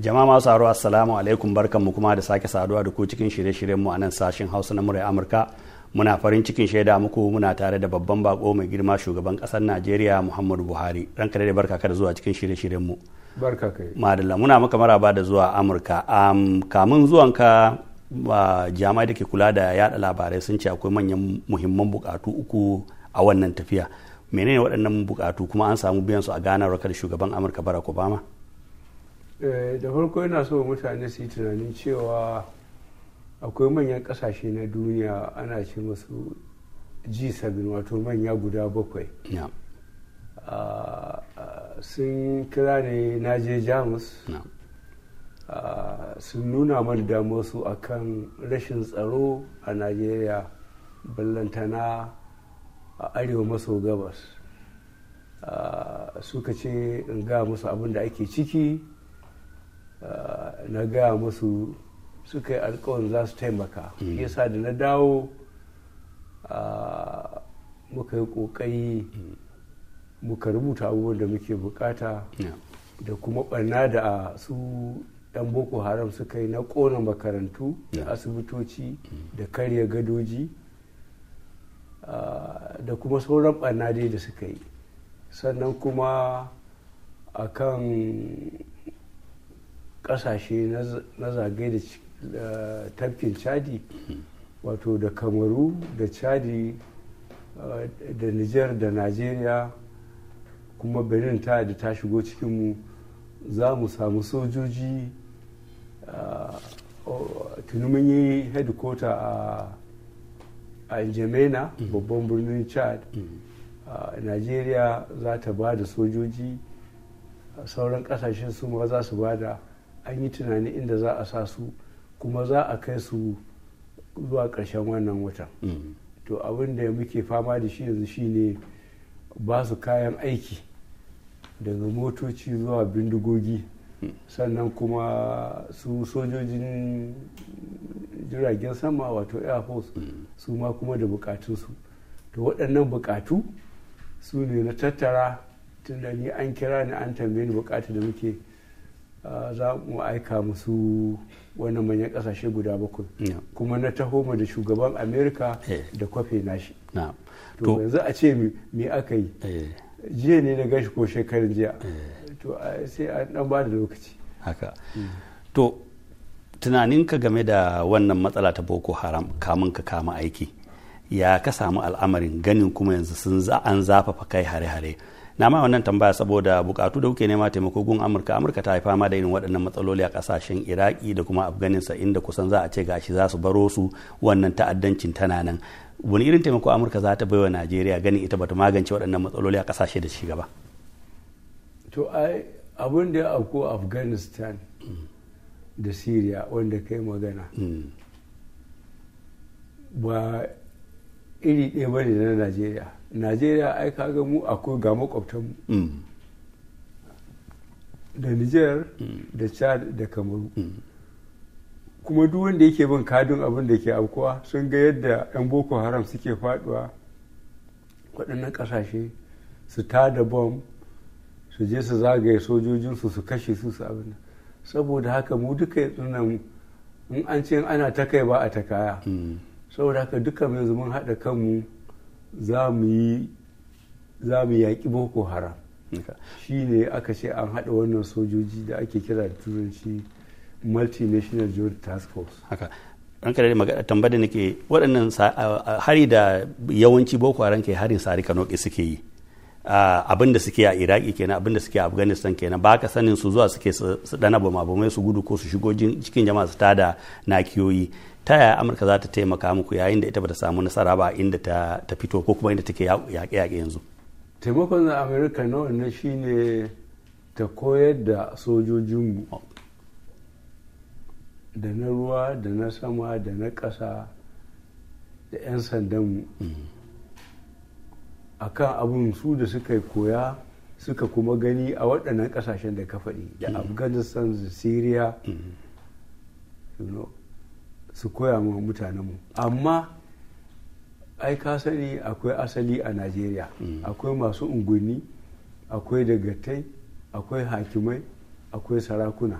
jama'a masu aro assalamu alaikum barkanmu kuma da sake saduwa da ku cikin shirye-shiryenmu a nan sashen hausa na murai amurka muna farin cikin shaida muku muna tare da babban bako mai girma shugaban kasar najeriya muhammadu buhari ranka da barka ka da zuwa cikin shirye-shiryenmu barka kai madalla muna maka maraba da zuwa amurka um, kamun zuwanka uh, jama'a da ke kula da yada labarai sun ce akwai manyan muhimman bukatu uku a wannan tafiya menene waɗannan bukatu kuma an samu biyan su a ganawar da shugaban amurka barack obama Eh, da farko yana so mutane su yi tunanin cewa akwai manyan kasashe na duniya ana ce masu g7 wato manya guda bakwai ah, sun kira ne naje jamus ah, sun nuna mana damarsu a kan rashin tsaro a najeriya ballantana a arewa maso gabas ah, suka ce in ga musu abin da ake ciki na gaya musu suka yi alkawarin za su taimaka hmm. yasa da na dawo muka yi kokari hmm. muka rubuta abubuwan da muke bukata da kuma barna da su yan boko haram suka yi na kona makarantu da asibitoci hmm. da karya gadoji da kuma sauran barna da suka yi sannan kuma akan kasashe na zagaye da tafkin chadi wato da kamaru da chadi da niger da nigeria kuma benin ta da ta shigo cikinmu za mu samu sojoji tuni mun yi headquarter a a babban birnin chad nigeria za ta ba da sojoji sauran kasashen su ma za su ba da an yi tunani inda za a sa su kuma za a kai su zuwa ƙarshen wannan watan mm-hmm. to abin da muke fama da shi yanzu shine ba su kayan aiki daga motoci zuwa bindigogi mm-hmm. sannan kuma su sojojin jiragen sama wato air force mm-hmm. su ma kuma da bukatunsu to waɗannan bukatu su ne na tattara tunda ni an kira ni an tambayi ni bukatu da muke za mu aika musu wannan manyan kasashe guda bakwai kuma na taho mu da shugaban amerika eh. da kwafe nashi to yanzu a ce me aka yi eh. jiya ne na gashi ko shekarun jiya eh. to sai an dan ba da lokaci haka mm. to tunaninka game da wannan matsala ta boko haram kamun ka kama aiki ya ka samu al'amarin ganin kuma yanzu sun an zafafa kai hare-hare na ma wannan tambaya saboda bukatu da kuke nema taimako gun amurka amurka ta yi fama da irin waɗannan matsaloli a ƙasashen iraki da kuma afganistan inda kusan za a ce gashi za su baro su wannan ta'addancin tana nan wani irin taimako amurka za ta baiwa najeriya ganin ita bata magance waɗannan matsaloli a ƙasashe da shi gaba to ai abin da ya afko afghanistan da syria wanda kai magana mm. ba iri ɗaya bane na najeriya najeriya ai kaga mu akwai ga mu. Mm. da niger mm. da chad da kamaru mm. kuma duk wanda yake bin kadin abin da ke aukuwa sun ga yadda 'yan boko haram suke faduwa waɗannan ƙasashe su tada bom su je su zagaye sojojinsu su kashe su su abin saboda haka mu duka nan in an ce ana ta kai ba a ta kaya saboda haka duka mai zumun haɗa kanmu za mu yaƙi boko haram shi ne aka ce an haɗa wannan sojoji da ake kira da turanci multinational joint task force haka an kare magana tambayar da nake waɗannan hari da yawanci boko haram ke harin sarika noki suke yi Ah, abin da suke a iraki kenan abin da suke a afghanistan kenan ba ka sanin su zuwa suke su dana mai su gudu ko su shigo cikin jama'a su tada nakiyoyi ta yaya amurka za ta taimaka muku yayin da ita ba ta samu nasara ba inda ta fito ko kuma inda take yaƙe-yaƙe yanzu taimakon na amurka na wannan shine ta koyar da sojojinmu da na ruwa da na sama da na ƙasa da 'yan sandanmu mm-hmm. akan abun su da suka koya suka kuma gani a waɗannan ƙasashen da ka faɗi da mm-hmm. afghanistan da syria mm-hmm. su koya ma mu. amma ai ka sani akwai asali a najeriya mm-hmm. akwai masu unguwanni akwai dagatai akwai hakimai akwai sarakuna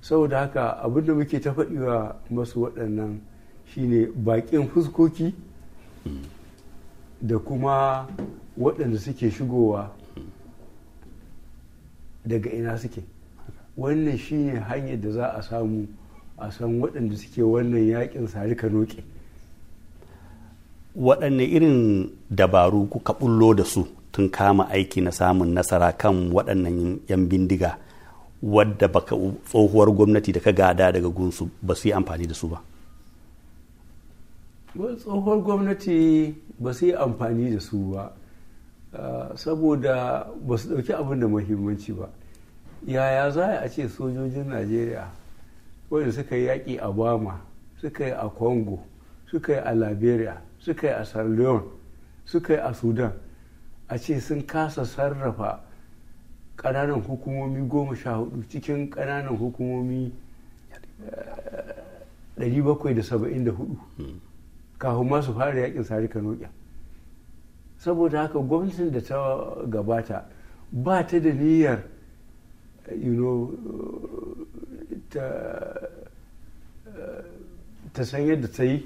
saboda haka abin da muke ta faɗiwa masu waɗannan shine baƙin fuskoki da kuma waɗanda suke shigowa daga ina suke wannan shine hanyar da za a samu a san waɗanda suke wannan yakin sarika noke waɗanne irin dabaru kuka bullo da su tun kama aiki na samun nasara kan waɗannan 'yan bindiga wadda baka tsohuwar gwamnati da ka gada daga gunsu ba su yi amfani da su ba tsohuwar gwamnati ba su yi amfani da su ba ah, saboda ba su ɗauki abin da mahimmanci ba yaya za a ce sojojin najeriya wanda suka yi yaƙi a bama suka yi a congo suka yi a liberia suka yi a sierra leone suka yi a sudan a ce sun kasa sarrafa ƙananan hukumomi goma sha hudu cikin ƙananan hukumomi 774 eh, kafin ma su fara yakin sari kanoƙiya saboda haka gwamnatin da ta gabata ba ta da niyyar you know, ta, ta san yadda ta yi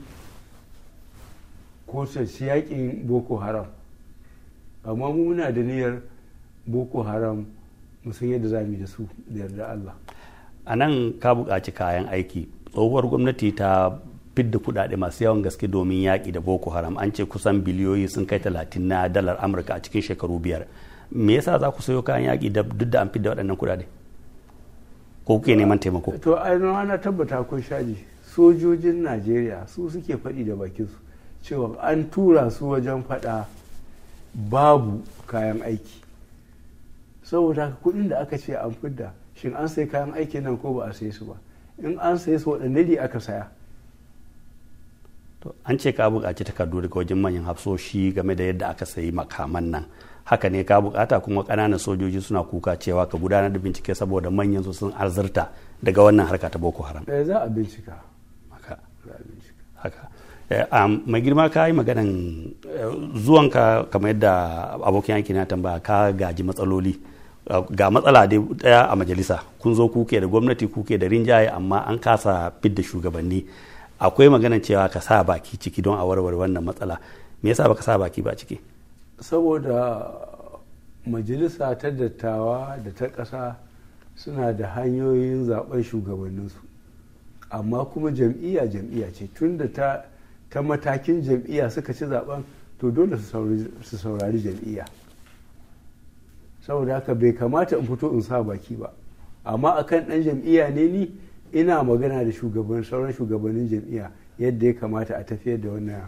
ko ta shi yakin boko haram amma muna da niyyar boko haram musan yadda za mu yi da su da yarda allah a nan ka buƙaci kayan aiki tsohuwar gwamnati ta fidda kudade masu yawan gaske domin yaƙi da boko haram an ce kusan biliyoyi sun kai talatin na dalar amurka a cikin shekaru biyar me yasa za ku sayo kayan yaƙi duk da an fidda waɗannan kudade? ko kuke neman taimako to ai na tabbata kun shaji sojojin najeriya su suke faɗi da bakin su cewa an tura su wajen faɗa babu kayan aiki saboda kuɗin da aka ce an fidda shin an sai kayan aikin nan ko ba a sai su ba in an sai su waɗanne ne aka saya an ce ka buƙaci takardu daga wajen manyan hafsoshi game da yadda aka sayi makaman nan haka ne ka buƙata kuma ƙananan sojoji suna kuka cewa ka gudanar da bincike saboda manyan su sun arzurta daga wannan harka ta boko haram eh, za a bincika haka haka eh, mai girma ka yi maganan eh, zuwanka kamar yadda abokin aiki na tambaya ka gaji matsaloli ga matsala dai daya a majalisa kun zo kuke da gwamnati kuke da rinjaye amma an kasa fidda shugabanni akwai maganan cewa ka sa baki ciki don a warware wannan matsala me yasa baka sa baki ba ciki saboda majalisa ta dattawa da ta ƙasa suna da hanyoyin zaben su amma kuma jam'iyya jam'iyya ce tun da ta, ta matakin jam'iyya suka ci zaben to dole su saurari jam'iyya saboda haka bai kamata in fito in sa baki ba amma akan dan jam'iyya ne ni ina magana da shugaban sauran shugabannin jam'iyya yadda ya kamata a tafiyar da wannan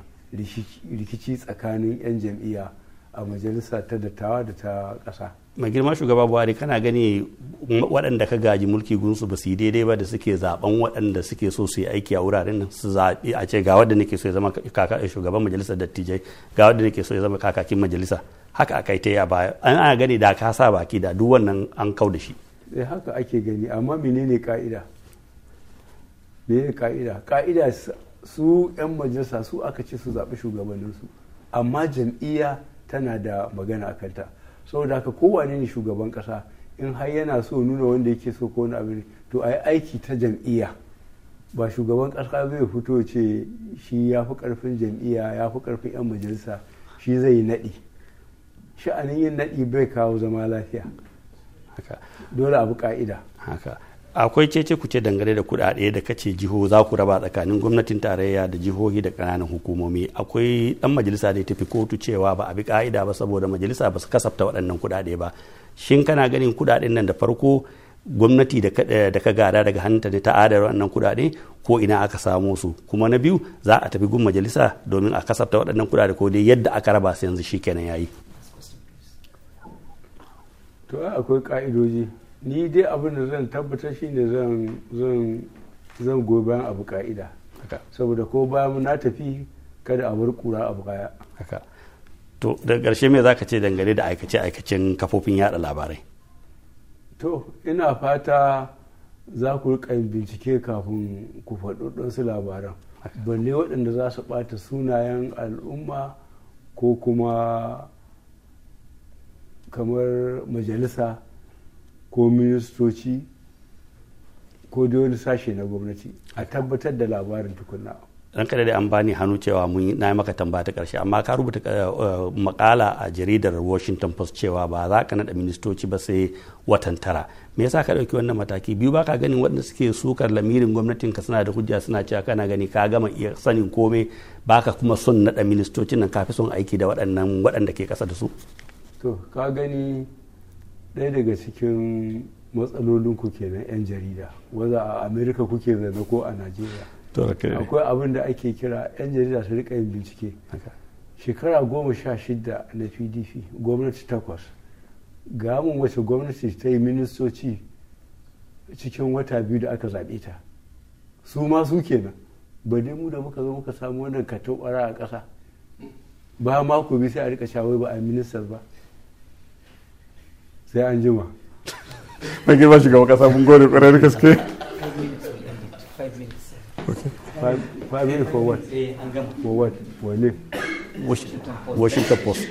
rikici tsakanin 'yan jam'iyya a majalisa ta dattawa da ta ƙasa. mai girma shugaba buhari kana gani waɗanda ka gaji mulki gunsu ba su daidai ba da suke zaben waɗanda suke so su yi aiki a wuraren nan su zaɓi a ce ga wadda nake so ya zama shugaban majalisa dattijai ga wadda nake so ya zama kakakin majalisa haka a kai ta ya baya an ana gani da ka sa baki da duk wannan an kau da shi. Eh, haka ake gani amma menene ka'ida me ka'ida ka'ida su 'yan majalisa su aka ce su zaɓi shugabanninsu amma jam'iyya tana da magana a kanta saboda haka kowane ne shugaban ƙasa in har yana so nuna wanda yake so ko wani abin to a yi aiki ta jam'iyya ba shugaban ƙasa zai fito ce shi ya fi ƙarfin jam'iyya ya fi ƙarfin 'yan majalisa shi zai yi naɗi sha'anin yin naɗi bai kawo zama lafiya dole abu ka'ida haka akwai cece ce dangane da kuɗaɗe da kace jiho za ku raba tsakanin gwamnatin tarayya da jihohi da kananan hukumomi akwai ɗan majalisa da ya tafi kotu cewa ba a bi ka'ida ba saboda majalisa ba su kasafta waɗannan kuɗaɗe ba shin kana ganin kuɗaɗen nan da farko gwamnati eh, da ka gada daga hannunta ne ta adana waɗannan kuɗaɗe ko ina aka samo su kuma na biyu za a tafi gun majalisa domin a kasafta waɗannan kuɗaɗe ko dai yadda aka raba su yanzu shikenan yayi to akwai ka'idoji ni dai abin da zan tabbatar shi ne zan goyi bayan abu ka'ida saboda ko bayan na tafi kada a bar kura abu kaya to daga ƙarshe me ka ce dangane da aikace aikacen kafofin yada labarai to ina fata za ku rika bincike kafin ku faɗi su labaran balle waɗanda za su ɓata sunayen al'umma ko kuma kamar majalisa ko ministoci ko da wani sashe na gwamnati a tabbatar da labarin tukunna dan kada da an bani hannu cewa mun na maka tambaya ta karshe amma ka rubuta eh, eh, makala a jaridar Washington Post cewa ba za ka nada ministoci ba sai watan tara me yasa ka dauki wannan mataki biyu ba ka ganin waɗanda suke sukar lamirin gwamnatin ka suna da hujja suna cewa kana gani ka gama iya sanin komai baka kuma son nada ministocin nan kafi son aiki da waɗannan waɗanda ke kasa da su to ka gani ɗaya daga cikin matsalolin ku kenan 'yan jarida wanda a amerika kuke zane ko a najeriya akwai abin da ake kira 'yan jarida su rika yin bincike shekara goma sha shida na pdp gwamnati takwas gamun wace gwamnati ta yi ministoci cikin wata biyu da aka zaɓe ta su ma su kenan ba mu da muka zo muka samu wannan katobara a ƙasa ba mako bi sai a rika shawai ba a ministan ba sai an jima mai girma shugaban kasa mun gode kwarai da gaske five minutes for what? Eh, for what? wane? washington post